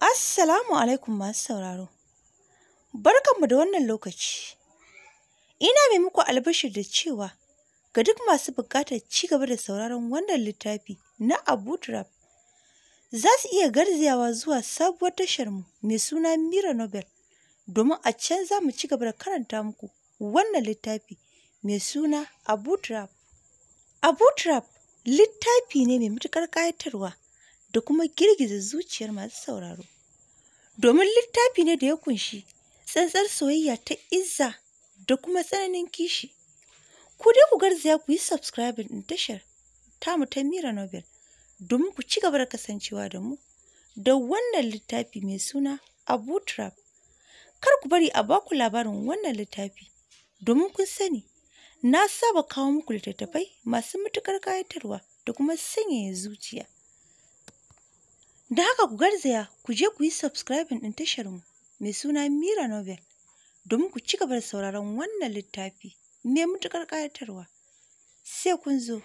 Assalamu alaikum masu sauraro. Barkanmu da wannan lokaci. Ina mai muku albashir da cewa ga duk masu buƙatar ci gaba da sauraron wannan littafi na Abu Turab za su iya garzayawa zuwa sabuwar tasharmu mai suna Mira Nobel domin a can za mu ci gaba da karanta muku wannan littafi mai suna Abu Turab. Abu Turab littafi ne mai matuƙar ƙayatarwa. da kuma girgiza zuciyar masu sauraro. Domin littafi ne da ya kunshi tsantsar soyayya ta izza da kuma tsananin kishi. Ku dai ku garzaya ku yi subscribing ɗin tashar tamu ta Mira Nobel domin ku ci gaba da kasancewa da mu da wannan littafi mai suna Abu Trap. Kar ku bari a baku labarin wannan littafi domin kun sani na saba kawo muku littattafai masu matukar kayatarwa da kuma sanyaya zuciya. Da haka ku garzaya ku je ku yi subscribing ɗin mu mai suna Mira Novel domin ku ci gaba da sauraron wannan littafi ne matuƙar ƙayatarwa. Sai kun zo.